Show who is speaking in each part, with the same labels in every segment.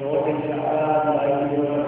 Speaker 1: Lord, in the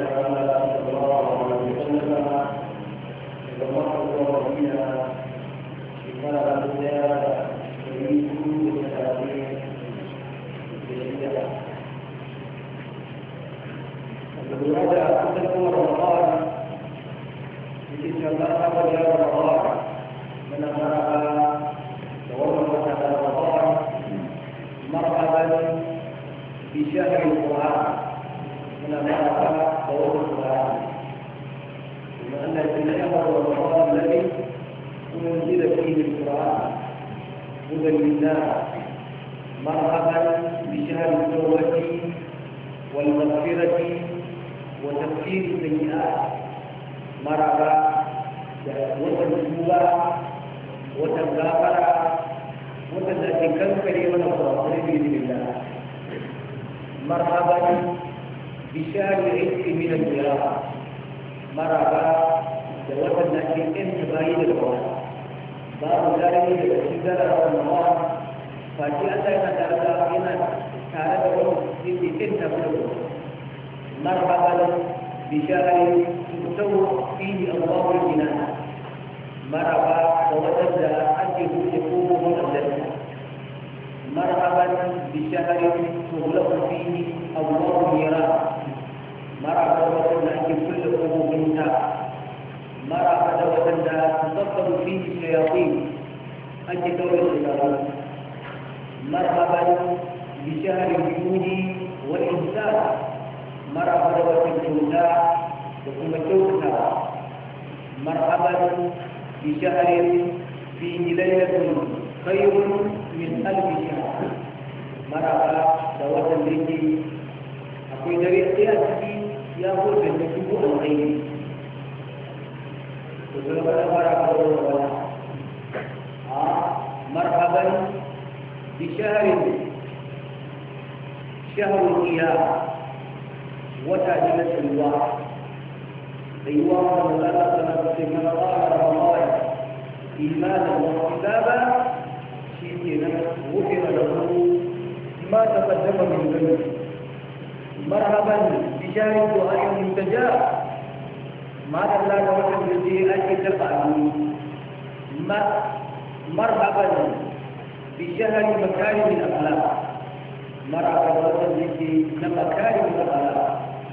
Speaker 1: بشهر تسوق فيه أمراض الجنان مرحبا ووجد أجه يقوم مؤدبا مرحبا بشهر تغلق فيه أبواب النيران مرحبا ووجد أجه كل قلوب النار مرحبا ووجد تفكر فيه الشياطين أجه دور الشياطين مرحبا بشهر الجود maraba da wata kyauta da kuma kyautawa marhaban bi shaharin fi lailatun khayrun min alfi shahr maraba da watan da yake akwai dare ɗaya ciki ya ko da dubu alkhairi ko sai wata maraba da wata a marhaban bi shaharin shahrul qiyamah wata ne na tsayuwa tsayuwa da mazala sana da sai mana tsara ramadan ما تقدم من ذنب مرحبا بشارك دعاء المستجاب ما دلال وجه الذي أجل تقعني مرحبا بشهر مكارم الأخلاق مرحبا بشهر مكارم الأخلاق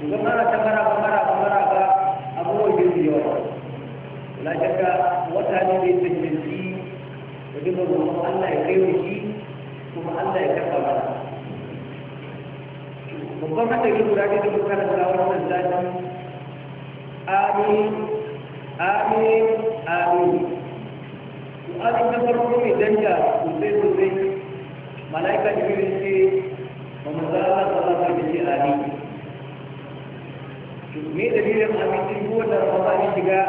Speaker 1: idan ta ta maraba maraba maraba abubuwan yin da yawa na shakka wata ne mai cancanci da duka roƙon Allah ya kai shi kuma Allah ya karɓa mana babban haɗari guda ne da muka rasa wannan zafi amin amin amin su'alin na farko mai danja sosai sosai mala'ika jibirin ce wa mazala sallallahu alaihi wa sallam me dalilin abinci ko da ramadan ya shiga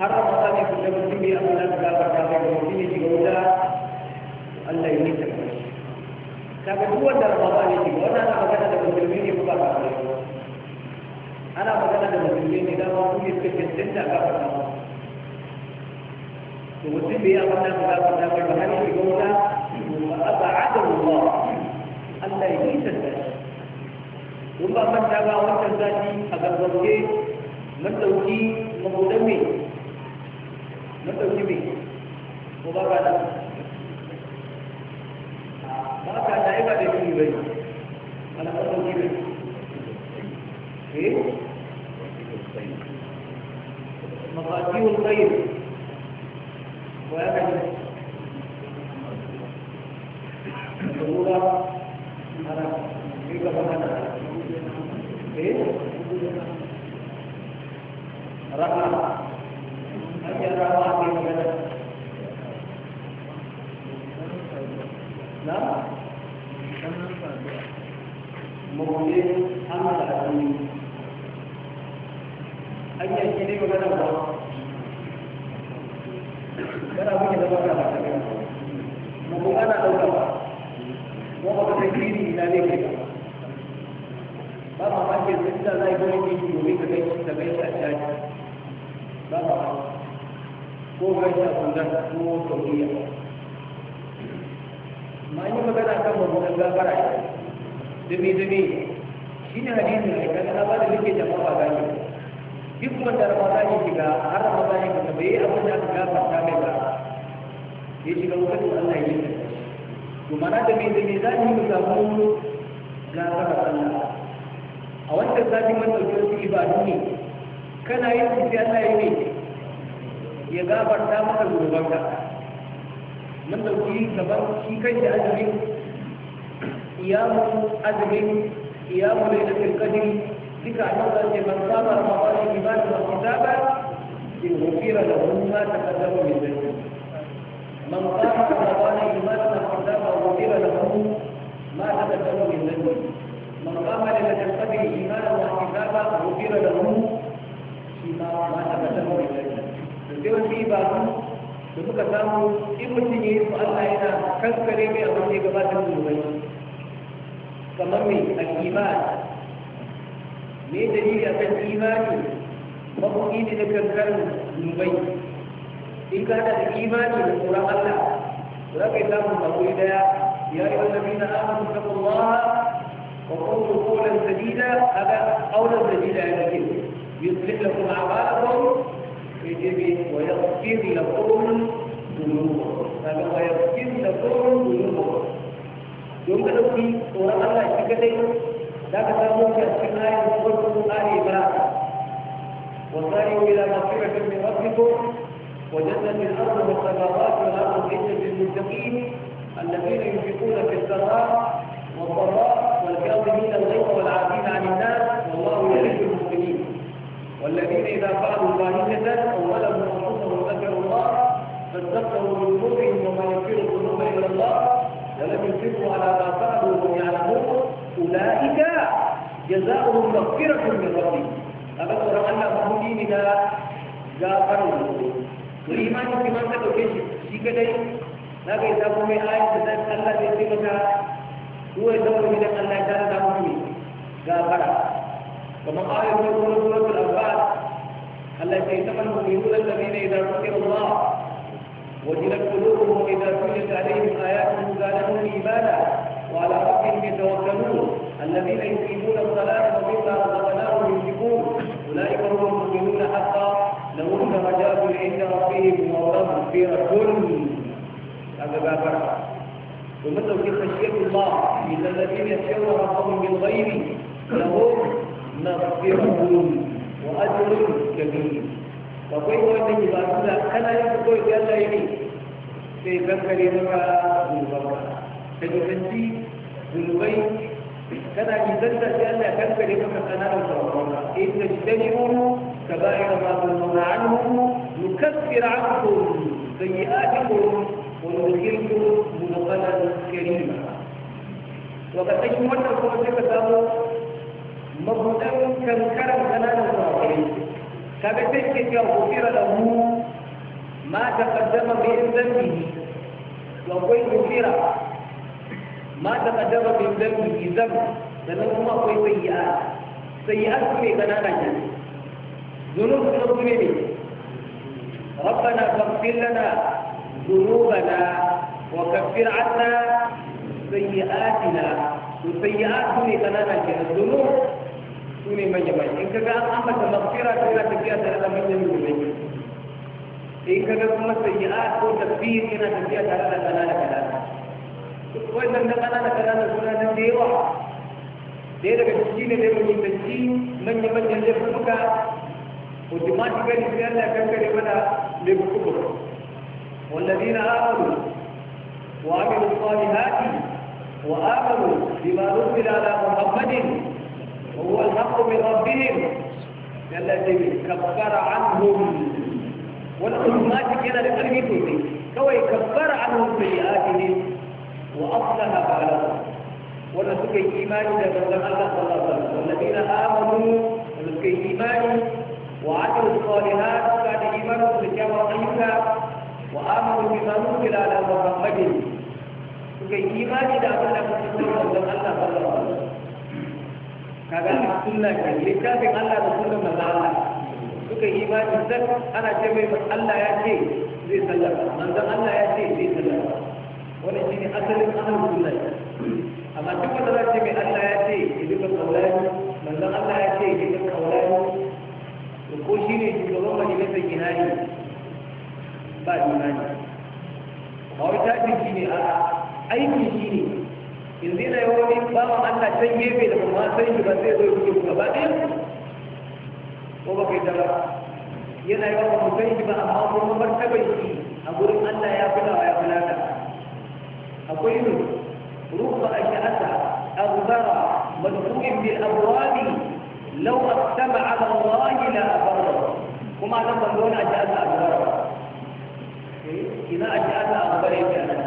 Speaker 1: har ramadan ya fita mutum ya Allah ta gafarta mai da mutum ya shiga wuta Allah ya nita kaga duk wanda ramadan ya shiga wannan ana magana da musulmi ne ko ba ka ana magana da musulmi ne dama su ne suka cancanta gafarta to mutum bai abin da gafarta mai da har ya shiga wuta ba a ba'adahu Allah Allah ya nita don ba manta ba wancan zafi a gargaje na ɗauki mabudan mai na ɗauki mai ko ba ka da ba ka da ba da shi bai ana ka ɗauki mai eh mafatihul ghaib amma yi magana kan gabara gafara dumi dumi shi ne hadisin ne kan na bada muke jama'a ba gani duk wanda ramadan ya shiga har ramadan ya kasa bai abin da aka gafarta mai ba ya shiga wutar Allah ya yi to mana da mai dumi za mu samu gafara Allah a wannan zafi man dauke wasu ibadu ne kana yin su sai Allah ya yi ya gafarta maka zunubanka mun ɗauki gaban shi kai da azumin iyamu azumin iyamu lailatul qadr duka Allah ya ban saba Ramadan ibadu wa kitaba in ghufira lahu ma taqaddama min dhanbi man qama Ramadan ibadu wa kitaba ghufira ma taqaddama min dhanbi من قام ليلة القدر إيمانا واحتسابا ma له فيما ما تقدم من ذنبه. الدول في بعض da suka samu in mutum ya yi su Allah yana kankare mai abin da ya gabatar da zubai kamar mai al'iman me dalili a kan imani mabuki ne na kankarin zubai in ka da imani da tsoron Allah za ka yi samun hakuri daya ya yi wanda bi na amon takwallah wa kawo kolan sadida a ga auren sadida ya nake yusuf lakum a'malakum بجيبه ويغفر لكم ذنوبكم ويغفر لكم ذنوبكم يوم تدخل سورة الله شكتين لا تتابعوا في أسكنها ينصركم آل إبراهيم وسعيوا إلى مغفرة من ربكم وجنة الأرض والسماوات والأرض عدة للمتقين الذين ينفقون في السراء والضراء والكاظمين الغيظ والعافين عن الناس والذين إذا فعلوا ظاهرة أو ظلموا أنفسهم ذكروا الله فاستغفروا لذنوبهم وما يغفر الذنوب إلا الله ولم يصروا على ما فعلوا وهم يعلمون أولئك جزاؤهم مغفرة من ربهم أبدا رأنا مهدين إلى جافر الإيمان في من تدوكيش شيكتين لكن إذا قم آية الله يسيبك هو يدور من الله تعالى مهدين جافر كما قال في سورة الأنفال التي يتقى المؤمنون الذين إذا ذكر الله وجلت قلوبهم إذا تليت عليهم آياته زادتهم إيمانا وعلى ربهم يتوكلون الذين يقيمون الصلاة ومما رزقناهم ينفقون أولئك هم المؤمنون حقا لهم درجات عند ربهم ومغفرة هذا باب رحمة ومثل في خشية الله إن الذين يخشون ربهم بالغيب لهم مغفرة وأجر كبير فكيف وجه بأسنا أنا يقول يلا يلي في بكر يبقى بالبركة تجبنتي بالبيت كان يزدد لأن كنفر يبقى قناة الرحمة إن تجتنبوا كبائر ما تنهون عنه نكفر عنكم سيئاتكم وندخلكم مدخلا كريما وقد تجمعنا كما تكتبوا mabudan kankaran kananan kurakurai kaga sai ke cewa kufira da mu ma ta kaddama bi in zambi to akwai kufira ma ta kaddama bi in zambi bi zambi sannan kuma akwai sayyi'a sayyi'a su ne kanana ne zunub kuma su ne ne ربنا فاغفر لنا ذنوبنا وكفر عنا سيئاتنا والسيئات هي تماما كده الذنوب su ne manya manya in kaga an ambata mafira to yana tafiya da Allah manya manya in kaga kuma sayyi'a ko tafsir yana tafiya da Allah kanana kanana wannan da kanana kanana suna nan da yawa ɗaya daga ciki ne da mun yi manya manya ne fuka automatically sai Allah ya kankare mana da kuka والذين آمنوا وعملوا الصالحات وآمنوا بما نزل على محمد وهو الحق من ربهم جل كفر عنهم والأمهات كده لقلبكم كوي يكفر عنهم سيئاتهم وأصلح بالهم ونسك الإيمان لمن الله صلى الله عليه وسلم والذين آمنوا ونسك ايمان وعملوا الصالحات بعد ايمان لكما عيسى وآمنوا بما نزل على محمد سك الإيمان لمن الله صلى الله عليه وسلم kaga a sunna ke littafin Allah da sunnan manzo Allah suka yi imani zan ana ce mai Allah ya ce zai sallama manzo Allah ya ce zai sallama wani shine asalin ahlus sunna amma duk wanda za ce mai Allah ya ce idan ka kaulani manzo Allah ya ce idan ka kaulani ko shine shugaban majalisar jihari ba imani ba wai tafi shine a'a aiki shine yanzu yana yawa ne bawan Allah can gefe da kuma san shi ba sai zai gudu gaba ɗaya ko ba kai tara yana yawa mu san shi ba amma kuma martaban shi a gurin Allah ya kula ya kula ta akwai ne rufa ash'ata aghbara madfu'in bil abwabi law astama ala Allah la abara kuma nan ban zo na ash'ata aghbara ina ash'ata aghbara yake nan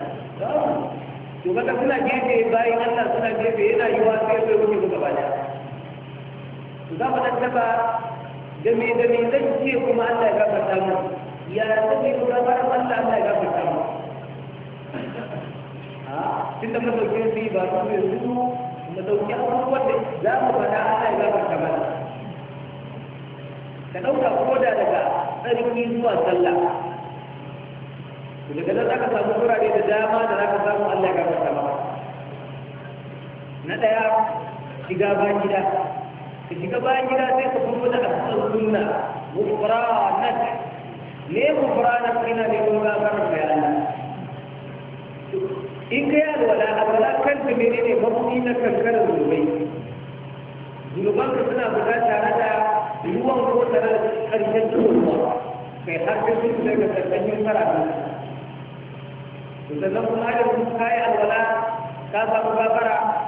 Speaker 1: to kaga suna gefe bayan Allah suna gefe yana yiwa sai ya wuce su gaba da to za mu dan taba da me da zan ce kuma Allah ya gafarta mu ya sai ku gafarta Allah Allah ya gafarta mu a tunda mun dauke su ba su ne su mu dauki abubuwan da za mu faɗa Allah ya gafarta mana ka ɗauka ko da daga tsarki zuwa sallah daga nan za ka samu wurare da dama da za ka na ɗaya shiga ba gida ka shiga ba gida sai ka kuma da asal sunna na ne gufranat na ne ko ga karar da in ka yi alwala alwala kan ta ne mafi na kankarar zunubai zunuban ka suna buga tare da ruwan ko tare da ƙarshen tuwa kai har ka su daga tsakanin fara sannan kuma da su kayan alwala ta samu gafara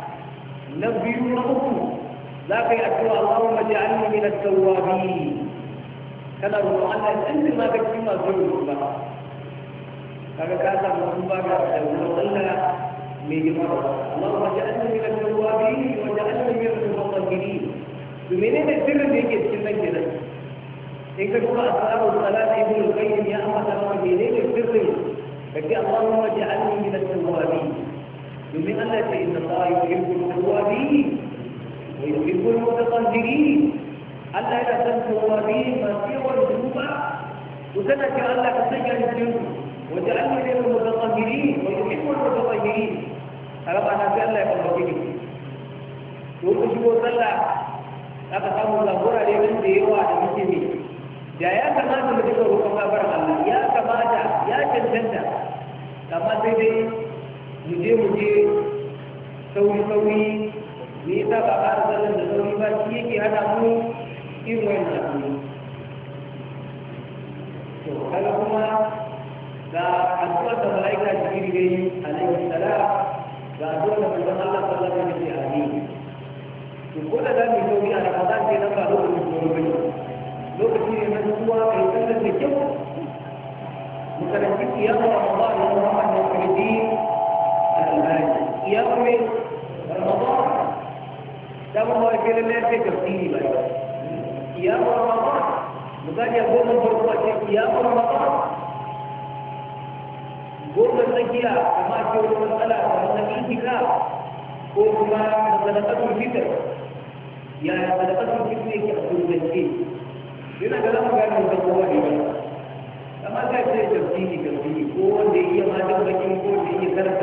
Speaker 1: نبيون ربكم لا في أكوى اللهم اجعلني من التوابين كما رضو عنا أنت ما تكتب ما زوجه لها كان كاسا مصنبا كاسا وصلنا من جمع اللهم اجعلني من التوابين وجعلني من المطهرين بمن أن السر ذيك السنة جدا إن كتب أسلام الصلاة ابن القيم يا أحمد الله بمن أن السر ذيك اللهم اجعلني من التوابين domin Allah ce inna Allah yuhibbul tawwabin wa yuhibbul mutatahhirin Allah yana san tawwabin masu yawan zuba to kana ce Allah ka sanya ni cikin wa ja'alni min mutatahhirin wa yuhibbul mutatahhirin araba na Allah ya ki to ku shigo sallah aka samu labura ne da yawa da muke ne da ya kamata mu dinga roƙon gafarar Allah ya kamata ya cancanta amma sai dai mu je mu je sauri-sauri me yasa ba a tsallan da sauri ba shi yake hana mu irin wannan abu to kaga kuma ga addu'ar da malaika jibril ne alaihi salam ga addu'ar da manzon Allah to ko da da mu sauri a Ramadan sai nan ba lokacin sauri bane lokaci ne na kuwa kai sallar da kyau mu karanci قيام رمضان ده ما هو كده اللي في تفصيلي بقى قيام رمضان مقال يقول من بركوة قيام رمضان قول الزكية كما يقول المسألة كما الانتكاف قول كما صدقة الفكر يعني صدقة الفكر يقول الزكية هنا كلام كان متقوى لي كما كان تفصيلي تفصيلي قول دي ما تبقى قول دي كرتا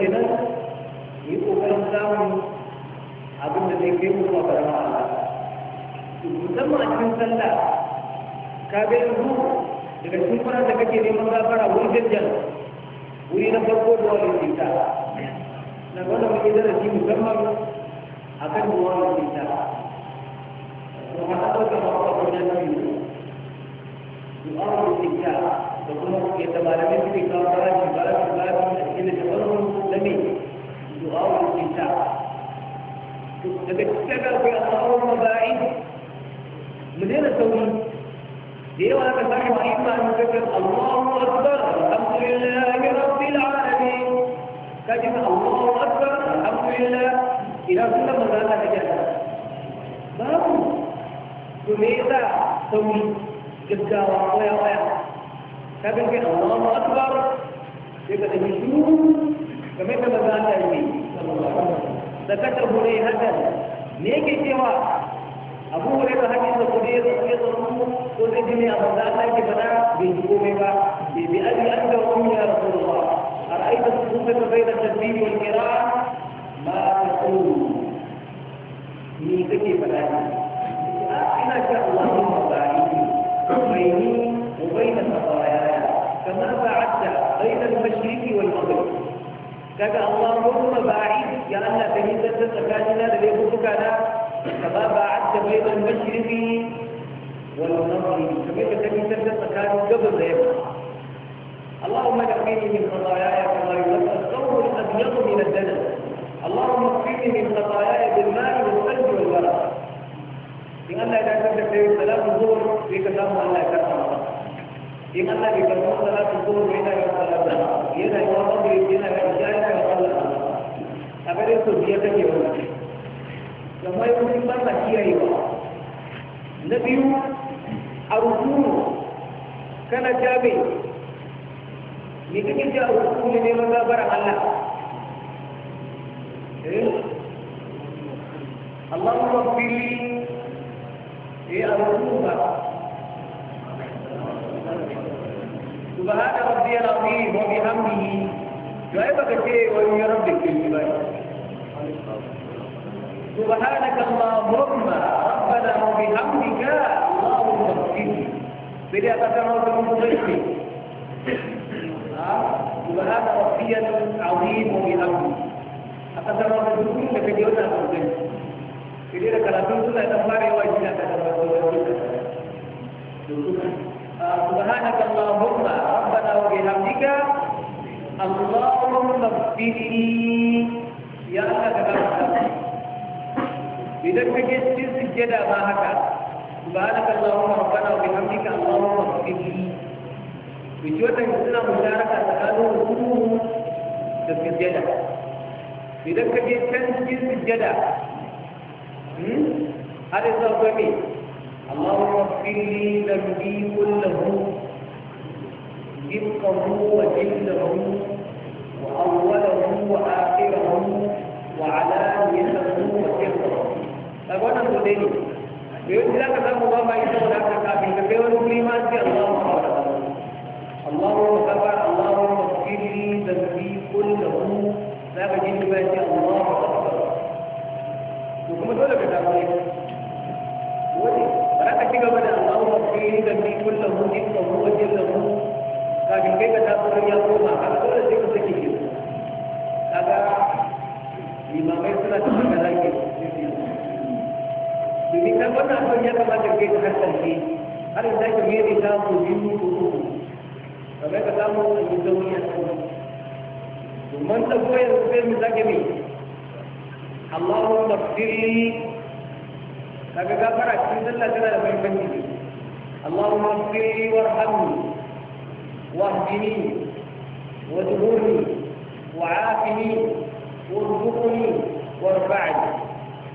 Speaker 1: kenan yi ƙoƙarin samun abin da zai kai kuma mutuwa karama Allah musamman a cikin sanda ka ga yanzu daga cikin kwanan da kake neman gafara wuri jajjan wuri na farko da wani cuta na wanda muke darasi musamman a kan ruwa da cuta kuma ta ɗauka masu kwanan da biyu du'a da cuta da kuma ke tabarai da suke kawo farashi farashi farashi a cikin da tabarun المسلمين دعاء الكتاب تتبع في أسرار المباعث من هنا التوحيد ديوا أنا إما أن تكتب الله أكبر الحمد لله رب العالمين تجد الله أكبر الحمد لله إلى كل مدى تجد باب سميتا توحيد جدا وقويا وقويا تبقى الله أكبر يبقى تجد kamar da maza Allah ya yi sakata hure hadan me yake cewa abu hure da hakin da kudi ya tsaye tsaru ko zai ji ne a maza Allah yake fada bai ji komai ba bai bi abi an ga ummi ya rasulullah ara'aita sunnata bayna at-tasbih wal qira'a ma taqulu ni kake fada ina sha Allahu ba'idi baini وبين خطاياي كما بعدت بين المشرق والمغرب daga Allahumma ba'id ya Allah ka nisantar tsakanina da laifuka na kama ba'adta bainal mashriqi wal maghribi kamar ka nisantar tsakanin gabas da yamma اللهم اكفني من خطاياي كما يلقى الثوب الابيض من الدنس اللهم اكفني من خطاياي بالماء والثلج والبرد in Allah ya karɓar da kai salatu zuhur sai ka samu Allah ya karɓa maka in Allah bai karɓa salatu zuhur yana yin salatu yana yin wani yana yin jari a gare su biyar take wani da mai wani ba na biyu a rukunu kana jami? me kake eh? eh, ce a rukunu neman gabaran Allah اللهم اغفر لي ايه الركوبة سبحان ربي العظيم وبحمده جايبك شيء ويا ربك Subhanaka Allahumma Rabbana wa bihamdika Allahumma rabbika. Jadi apakah mau kamu berhenti? Ah, Subhana rabbiyya al-azim wa bihamdika. Apakah mau berhenti sampai di mana kamu berhenti? Jadi ada kalau tentu lah, lah, ada tempat yang wajib ada tempat yang lah. wajib. Ah, Subhanaka Allahumma Rabbana wa bihamdika Allahumma rabbika. idan ka je cikin sujjada ma haka subhanaka allahumma rabbana wa bihamdika allahumma ighfirli biki wata suna musharaka tsakanin rukuku da sujjada idan ka je can cikin sujjada har yanzu akwai me allahumma ighfirli dhanbi kullahu دقه وجله وأوله وآخره وعلانيته وسره a wannan bude ne bai wuce za ka samu ba ba ita wani haka kafin ka kai wani ma Allah mu Allah mu Allah mu mafiri da fi kullahu za ka ji ba sai Allah mu kawar to kuma dole ka samu ne dole ba da Allah mu mafiri da fi kullahu din ka mu wajen da mu kafin kai ka taso ya koma haka dole sai ka sake ki kaga limamai suna da domin kan wannan abin ya kamata ke ka kasance har yanzu ka mai da samu biyu ko uku ka samu a yi zaune a kan domin ta goya da sai mu zage mai Allahu tafsiri daga gafara cikin sallah tana da muhimmanci اللهم اغفر لي وارحمني واهدني وادبرني وعافني وارزقني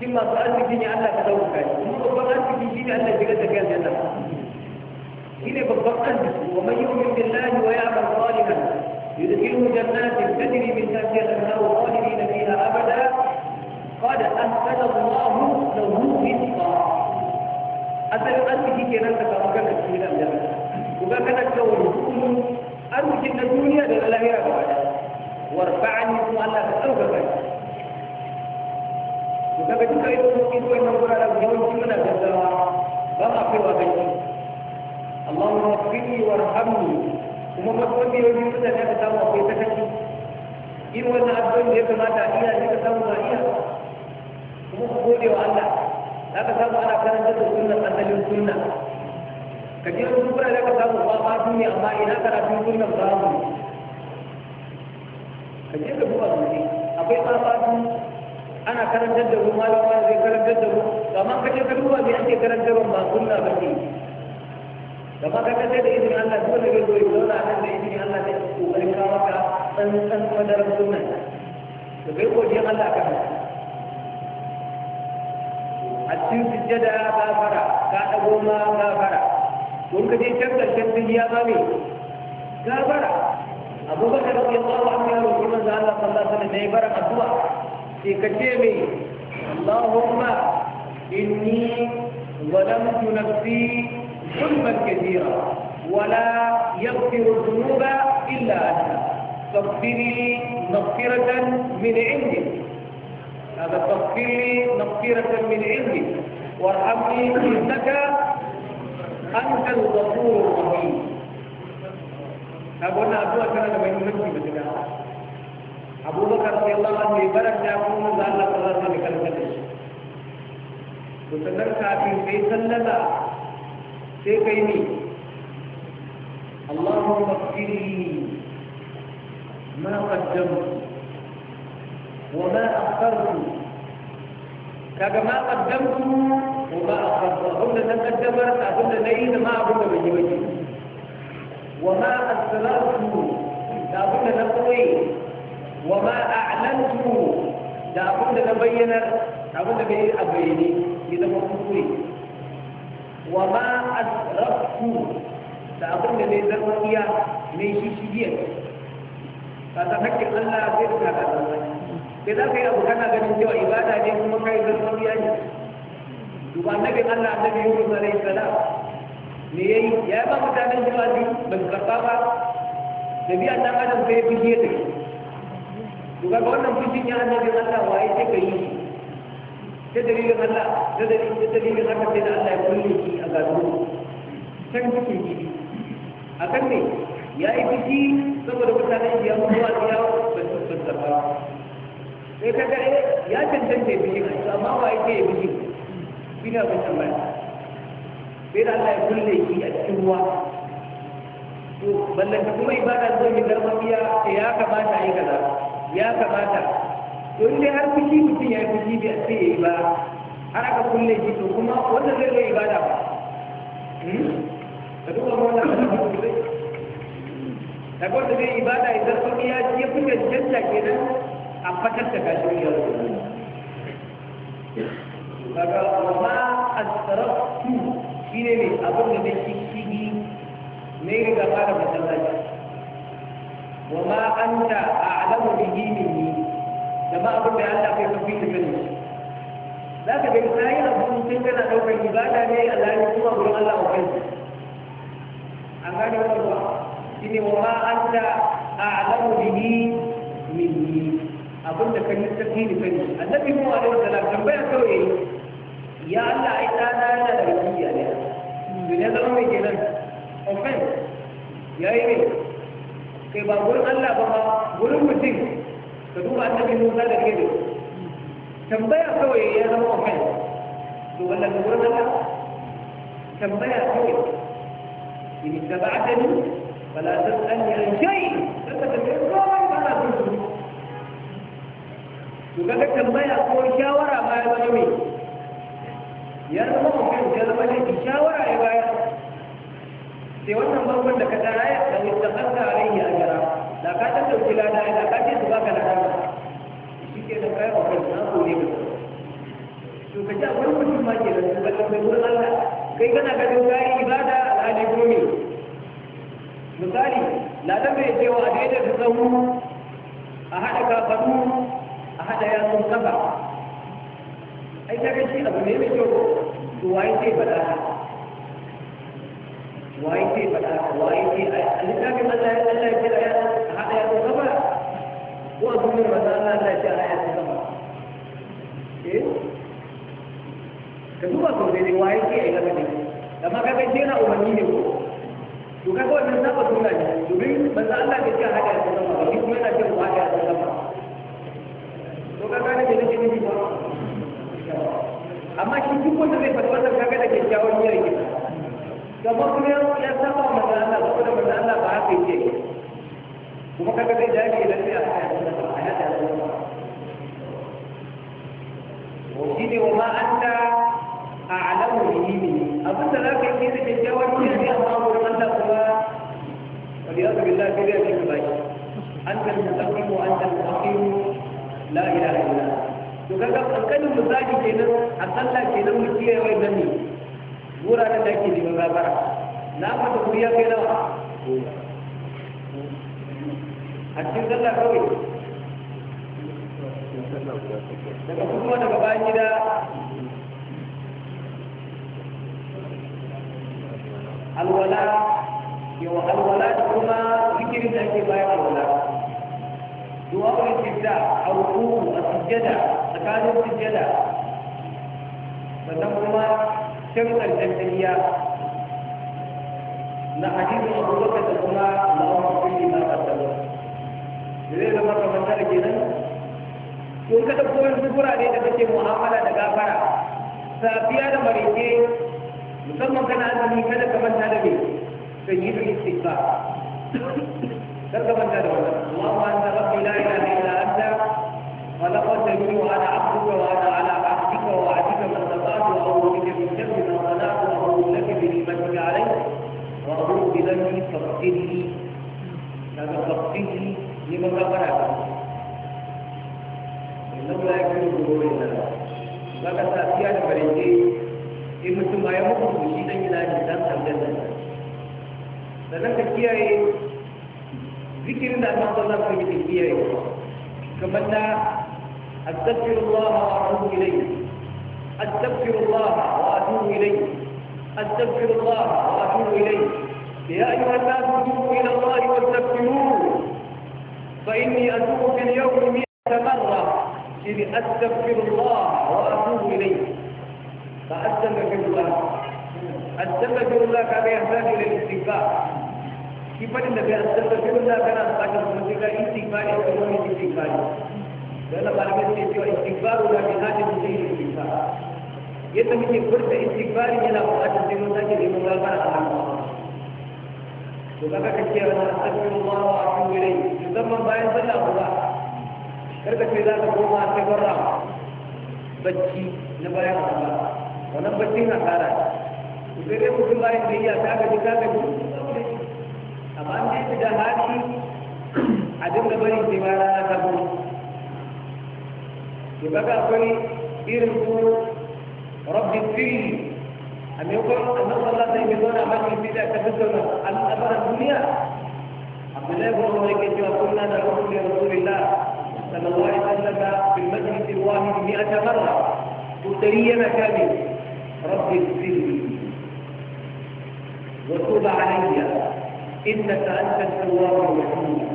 Speaker 1: cikin masu arziki ne Allah ka dauka kai kuma babban arziki shi ne Allah shiga da kai aljanna shi ne babban arziki wa man yu'min billahi wa ya'mal salihan yudkhiluhu jannatin tajri min tahtiha al-anharu khalidina fiha abada qad ahsana Allah lahu rizqa asalin arziki kenan ka samu kanka cikin aljanna kuma kana cewa arzikin na duniya da lahira gaba daya warfa'ani kuma Allah ka dauka kai daga duka idokoki ko wannan guraren yawanci muna gaggawa ba ma kaiwa gaci Allahumma wafini warhamni kuma matsaloli suna da ka samu akwai sakaci in wannan addu'o'in da ya kamata a iya ne ka samu ba iya kuma ku gode wa Allah za ka samu ana karanta da sunna asalin sunna ka je wasu guraren ka samu ba ma ne amma ina karatun sunnan babu ka je ka duba sosai akwai ƙarfafin ana karantar da mu malama zai karantar da mu amma ka ce ka duba me ake karantarwa ba sunna ba ce amma ka kace da izinin Allah dole ne zo ya zauna nan da izinin Allah ne kokarin kawo ka san-san tsantsan madarar sunna da kai godiyar Allah ka a cikin sujjada ba fara ka dago ma ba fara don ka je can karshen duniya ma me ka fara abubakar radiyallahu anhu ya roƙi manzo Allah sallallahu alaihi wasallam ne bara addu'a سيكتيمي اللهم إني ظلمت نفسي ظلما كثيرا ولا يغفر الذنوب إلا أنت فاغفر لي مغفرة من عندك هذا فاغفر لي مغفرة من عندك وارحمني إنك أنت الغفور الرحيم أقول لها أدوها لما يمنتي بتجاهها abubakar sai Allah an mai baranta kuma za Allah ba za ta da kalmar da shi to sannan kafin sai sallama sai kai ne Allahumma qfirli ma qaddamtu wa ma akhartu kaga ma qaddamtu wa ma akhartu abinda na kaddamar abinda na yi da ma abinda bai yi ba wa ma asrartu da abinda na koyi wa ma a'lantu da abin da na bayyanar abin da bai a bayyane ya zama kuskure wa ma asraftu da abin da bai zama iya ne shi biya ba ta hakkin Allah sai ka ga sai za ka yi abu kana ganin cewa ibada ne kuma kai zama iya ne duba annabin Allah annabi Yusuf alaihi salam me yayi ya ba mutanen jawabi ban karba ba da biya dan adam sai fiye da shi to ga wannan fushin ya annabin Allah waye sai ka yi ta dalilin Allah ta dalilin haka sai da Allah ya kulle shi a gado can cikin gidi a kan ne ya yi fushi saboda mutanen ya mutuwa ya ba su ba. sai ka gare eh, ya cancanta ya fushin a amma waye sai ya fushin shi ne abin tambaya sai da Allah ya kulle shi a cikin ruwa to ballanta kuma ibada zo mai zarfafiya ya kamata a yi kaza ya kamata don dai har fushi mutum ya fushi bai sai ya yi ba har aka kulle shi to kuma wanda zai zai ibada ba hmm? ka duba wannan da ba zai da wanda zai ibada idan sun ya ya fi janta nan a fatar da gashi ya zo a amma asraftu shi ne abin da nake shi ne ga fara masallaci wa ma anta a'lamu bihi minni da ba abin da Allah kai kafi da kai za ka ga kai abu tun kana daukar ibada ne Allah ne kuma gurin Allah ko an gane wannan ba shine wa ma anta a'lamu bihi minni abin da kai kafi da kai annabi mu alaihi salam tambaya kawai ya Allah ai dana yana da rubiya ne zama mai kai ba gurin Allah ba ba gurin mutum ka duba annabi Musa da kai tambaya kawai ya zama wa kai to wannan gurin Allah tambaya kawai in tabbatani fala tasalni an shay kada ka tambaye komai ba na gurin to kaga tambaya ko shawara ma ya zama mai ya zama wa kai ya zama ne shawara ya bayar sai wannan farkon da ka tara ya da mustaqalla a jira. da ka ta dauki lada da ka ce zuwa ka lada shi ke da kai a kai na kore ka to ka ji wani mutum ma ke da su ka tambayi wurin Allah kai kana ga dai kai ibada alhali gumi misali ladan bai ce wa daidai da tsawo a haɗa kafaru a haɗa yatsun kafa ai ta ga shi abu ne mai kyau to waye ce ba da waye ce faɗa ka waye ce a littafin ya Allah ya ce a haɗa ba ko ya ba eh ka duba sosai ne waye ce a yi haka ne amma ka ga jera umarni ne ko to kaga wannan saba sunna ne domin manzo Allah ya ce a haɗa ya tsoka ba ba ne amma shi duk wanda zai faɗi wannan kaga da kyakkyawan niyyar gaba kuma ya saba wa manzan Allah saboda manzan Allah ba haka yake kuma kaga zai jaje idan sai a haya da a shi ne wa ma anta a'lamu bihi min abin da zaka yi da kyakkyawar kiyasi amma gurin Allah kuma والعياذ بالله في ذلك البيت أنت المتقيم وأنت المتقيم لا إله إلا أنت وكذا أنكلم مساجي كنا أصلى كنا وكيا وإنني wuraren da ake neman gafara na mata kuri ya kai nawa a cikin sallah kawai daga kuma daga bayan gida alwala yawa alwala da kuma zikirin da ake bayan alwala duwa wani sijda a rukuku a sujjada tsakanin sujjada sannan kuma shan aljanniya na hadisin abubakar da kuma na umar bin lima kaddalo zai zama kamar tare kenan to ka dauko wani ne da kake mu'amala da gafara safiya da marike musamman kana azumi kada ka manta da me sayyidul ba. kar ka manta da wannan Allahu anta rabbi la ilaha illa anta khalaqtani wa ana abduka wa ana الذنب عليه وأقوم بذنبه فاغفره كما فاغفره لمن غفر له إنه لا يكون الذنوب إلا الله baka sa fiya da farince in mutum ba ya mutu shi dan yana jin dan aljanna sannan ka kiyaye zikirin da Allah sallallahu alaihi wasallam kiyaye kamar da astaghfirullah أستغفر الله وأتوب إليه يا أيها الناس توبوا إلى الله واستغفروه فإني أتوب في اليوم مئة مرة إذ أستغفر الله وأتوب إليه فأستغفر الله أستغفر الله كما يهتم إلى الاستغفار كيف أن النبي أستغفر الله كان أستغفر من تلك الاستغفار أو كمان الاستغفار لأن بعض الناس يستغفر الله من هذه الاستغفار yadda muke furta istighfari yana buƙatar sai mun sake neman gafara a Allah to kaga ka ce wa astaghfirullah wa atubu ilayhi musamman bayan sallah kuma karka ce za ka koma sai barra bacci na bayan Allah wannan baccin hasara ne sai dai mutum bayan da iya ta gaji ta gaji amma an yi da hali a dinga bari sai ma rana ta gudu to kaga akwai irin ko رب اغفر لي أن يقرا أن الله لا يملون أمامي بلا فتنه أن أمر الدنيا عبد الله بن مالك كيف كنا نقول لرسول الله صلى الله عليه وسلم في المجلس الواحد 100 مرة تدرينا كامل رب اغفر لي وتوب علي إنك أنت التواب الرحيم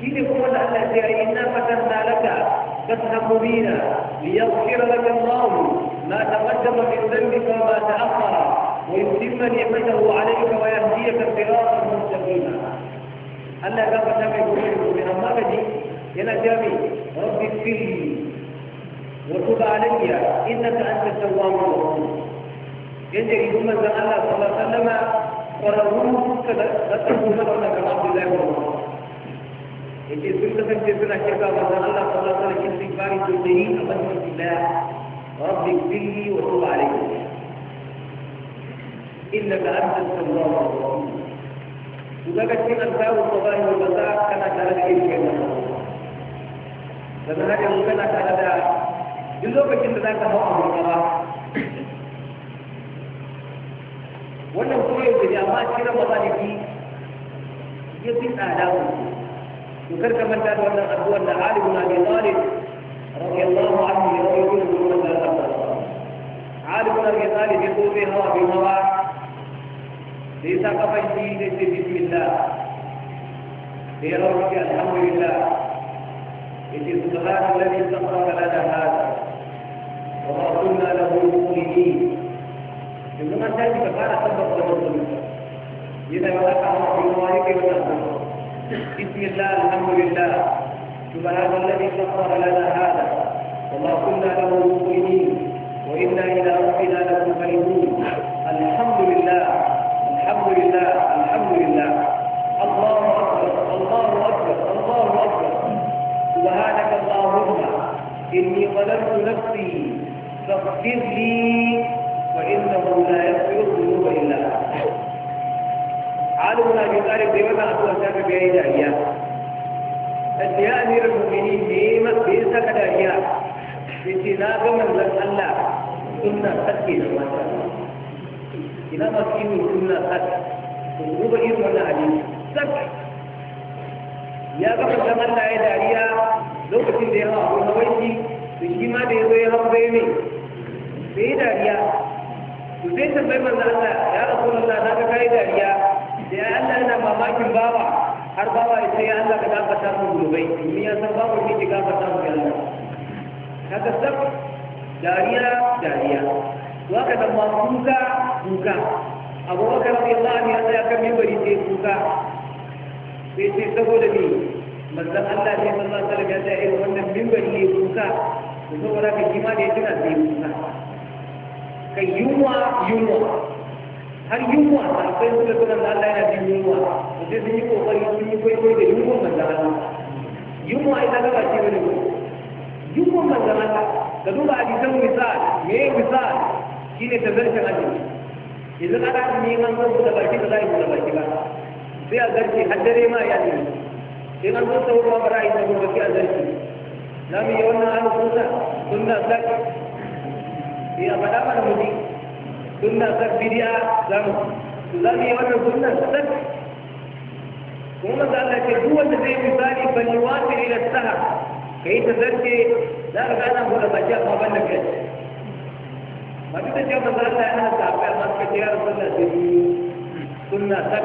Speaker 1: سيدي يقول على تعالى إنا فتنا لك فتحا مبينا ليغفر لك الله ما تقدم من ذنبك وما تاخر ويتم نعمته عليك ويهديك صراطا مستقيما الا كما تقول من امامتي الى جامي رب اغفر لي وتب علي انك انت التواب الرحيم يجري ثم سال الله صلى الله عليه وسلم ورغم كذا تتقوا الله عبد الله ورسوله yace sun kasance suna shirka wa manzon Allah sallallahu alaihi wasallam istighfari to da yi a bakin billah rabbi billi wa tub alayhi innaka antas tawwabur rahim to daga cikin alkawu sabahi wa masa kana tare da irin wannan sannan har yanzu kana tare da duk lokacin da za ka hau abu gaba wannan kuma yau da amma cikin ramadani ya fi tsada mutum ذكرت من كان وانا أبو أن علي بن أبي طالب رضي الله عنه يقول من لا علي بن أبي طالب يقول بها بهوى ليس قفشي ليس بسم الله ليرونك الحمد لله إن سبحان الذي سخر لنا هذا وما كنا له مؤمنين إنما تأتي فقال سبق ونصر إذا وقع الله في مالك ونصر بسم الله الحمد لله سبحان الذي سخر لنا هذا وما كنا له مؤمنين وإنا إلى ربنا لمنقلبون الحمد لله الحمد لله الحمد لله الله أكبر الله أكبر الله أكبر سبحانك اللهم إني ظلمت نفسي فاغفر لي فإنه لا يغفر الذنوب إلا أنت Ali bin Abi Talib da wannan addu'a ta ga yayi dariya sai ya amira mu'mini ne ma bai dariya yace na ga manzon Allah sunna take da mata ina ma kini sunna take to duba irin wannan ya ga manzon Allah ya dariya lokacin da ya hawa abu hawaiki to shi ma da ya zo ya hawa bai dariya ya na dariya ya Allah yana mamakin bawa har bawa ya ce ya Allah ka gafarta mu zunubai ni ya san bawa ne ki gafarta mu ya Allah kaga sab dariya dariya wa ka da ma kuka kuka abubakar radiyallahu anhu ya tsaya bari mimbari sai kuka sai sai saboda me manzon Allah ne manzon sallallahu alaihi wasallam ya ce wannan mimbari ne kuka to saboda ka kima da yana sai kuka kai yunwa yunwa har yunwa akwai suka suka da Allah yana jin yunwa sai sun yi kokari sun yi kwaikwayo da yunwa manzan Allah yunwa ita gaba ce wani ko yunwa manzan Allah ka duba hadisan misal me misal shine tazarcin azumi idan ana neman zan da baki ba za a yi buɗe baki ba sai a zarce har dare ma ya nemi in an zo sauran ma ba a yi sauran a zarce na mu yi wannan an sunna sunna zaki sai a faɗa mana mutum sunna kan bidiya za mu za mu yi wannan sunna sak
Speaker 2: kuma za Allah ce duk wanda zai misali ne wasu ila
Speaker 1: sahar kai ta zarce za ka gana mu da baki amma ban da kai masu da cewa manzo Allah ya hana sahabbai a suka ce ya rasulullah sai sunna sak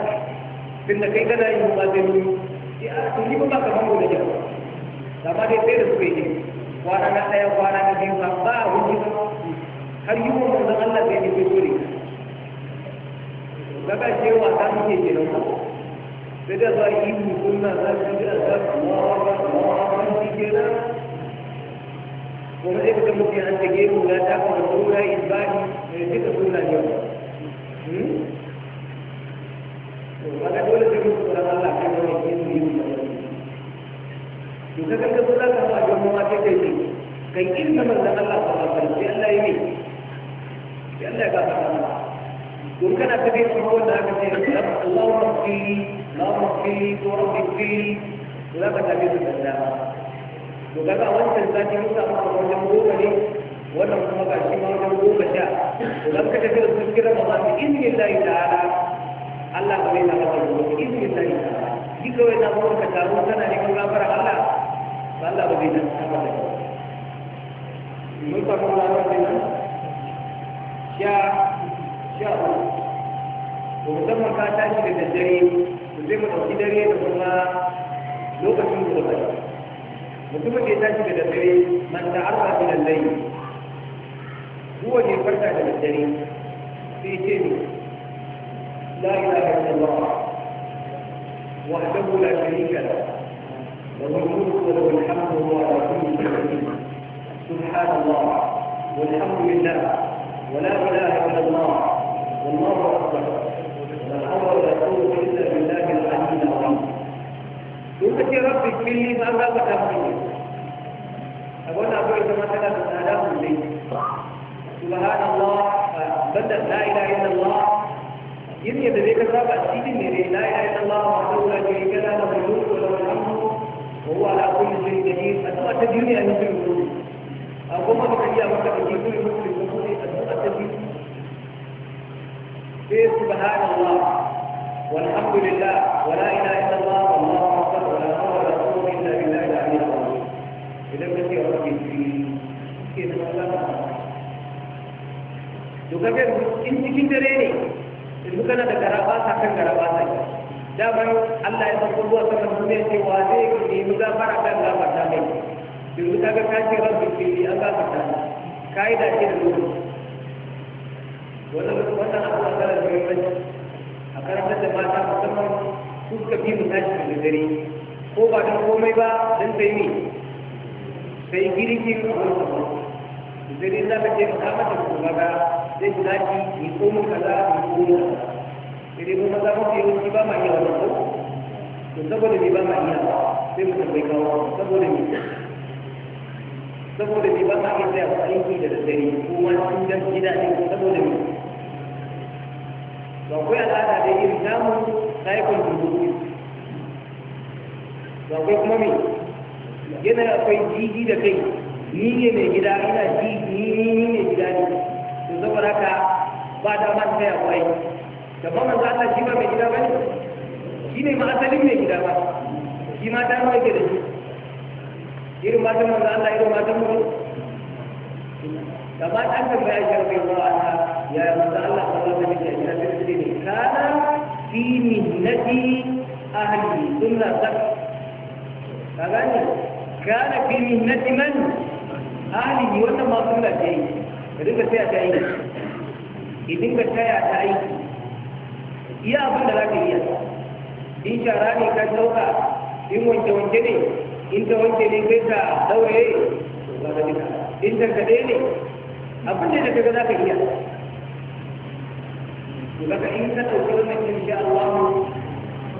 Speaker 1: tun da kai kana yin ba sai ya tuni ba ka bango da jawo amma dai sai da suka yi kwana na ɗaya kwana na biyu ba hujji har yi wa manzon Allah bai yi kuskure gaba cewa ta muke ke nan ko sai da zuwa yi mu kunna za su ji za su wawa wawa shi ke nan kuma sai ka mutum an ta gemu na ta kuma tura ibadi da duka suna yau maka dole sai mutum tsoron Allah kan wani yin yi mu da wani to kakan ka zo za ka hawa jama'a sai kai ne kai ilmin da Allah ta ba sai Allah ya yi ya Allah ya gaba don kana ta dai wanda aka ce Allahu rabbi Allahu rabbi ko rabbi fi to za ka tafi su da dama to kaga wancan sati mun samu a wajen goma ne wannan kuma ga shi ma wajen goma sha to dan ka tafi da su kira ba su izinin Allah ta'ala Allah ba zai na maka da izinin Allah ta'ala shi kawai na mu ka taro kana neman gafara Allah ba Allah ba zai na maka da mun samu lafiya ne sha sha to musamman ka tashi da daddare to zai mu ɗauki dare da kuma lokacin gobe mutumin da ya tashi da daddare man ta'arra min al-layl huwa ne farka da daddare sai ce ne la ilaha illallah wahdahu la sharika lahu له الملك وله الحمد وهو على كل شيء سبحان الله والحمد لله ولا إله إلا الله والله أكبر ولا حول ولا إلا بالله العلي العظيم يقول يا رب اغفر لي ما لا تغفر أقول أقول إذا مثلا من آلاف الليل سبحان الله بدأ لا إله إلا الله إذ يدريك الرب أسيد مني لا إله إلا الله وحده لا شريك له له الملك وله الحمد وهو على كل شيء قدير أتوقع تديني أن يجري a goma baka iya maka da jikin mutum da kuma a tafi sai subhanallah walhamdulillah wala ila illa allah wallahu akbar wala hawla wala quwwata illa billah al ali al azim idan kace wa rabbi fi kenan Allah to kaga in cikin dare ne yanzu kana da garaba kan garaba sa Allah ya san ruwa sanan duniya cewa zai nemi gafara kan gafarta mai yanzu ta ka ce rabbi fili an ba ka ta kai da ke da lokaci wannan wannan abu a karan da yawanci a karantar da mata musamman su suka fi mu tashi da dare ko ba don komai ba don sai ne sai girgin abin da ba za ka ce ka mata ko ba ka zai ji daɗi ni ko mu kaza ni ko mu kaza sai dai kuma za ba ma iya wannan ko to saboda ni ba ma iya sai mu tambayi kawo saboda ni saboda bai ba sa iya tsaya su aiki da dare ko wani sun jan gida ne saboda me ba akwai al'ada da irin namu cycle dubu ba akwai kuma me yana akwai jiji da kai ni ne mai gida ina jiji ni ni ne gida ne to saboda haka ba dama tsaya su aiki da ba manzo ta shi ba mai gida ba ne shi ne ma asalin mai gida ba shi ma ta mai gida shi irin matan manzo Allah irin matan mu kama an tambaya shi rabbi Allah ana ya manzo Allah sallallahu alaihi wa sallam ya ce ne kana fi minnati ahli sunna sak kaga ne kana fi minnati man ahli wata ma sunna ce ka dinga taya ta aiki ki dinga taya ta aiki iya abin da za ka iya in shara ne ka dauka in wanke-wanke ne inda wanke ne kai ta daure inda ka duka ne abin da daga za ka iya daga in ka ɗauki wannan sha Allah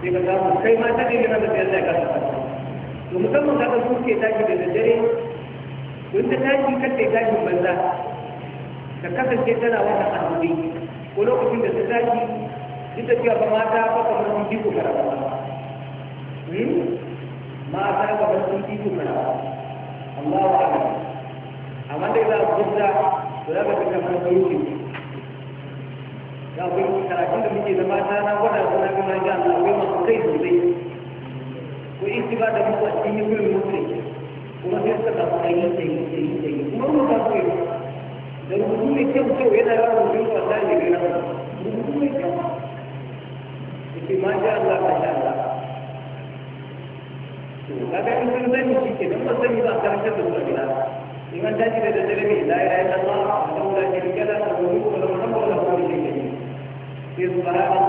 Speaker 1: sai ka samu kai ma ta ne na zai Allah ka saka to musamman ka ga suke tashi da daddare don ta tashi kar ta tashi banza ka kasance tana wata asiri ko lokacin da ta tashi duk da cewa ba mata ba kamar sun ji ko karatu hmm? ما ذهب da تيجيكم من الله أعلم أما إذا أبدا ولا بد من تقولين ya akwai karatun da muke zama ta na gwada su na gama ga Allah akwai masu kai sosai ko in ci ba da muku a cikin yin gulmi kuma sai suka samu ɗanyi ɗanyi ɗanyi ɗanyi kuma mun ba su yi da rubutu mai kyau kyau yana yawan rubutun kwanta ne ga nan rubutu mai kyau da ke ma ja Allah ma sha Allah kaga in sun sani shi ke don ban yi ba a karantar da zuwa gida in an tashi da daddare mai la ilaha illallah wa la ilaha da wa la ilaha illallah wa la ilaha illallah wa la ilaha illallah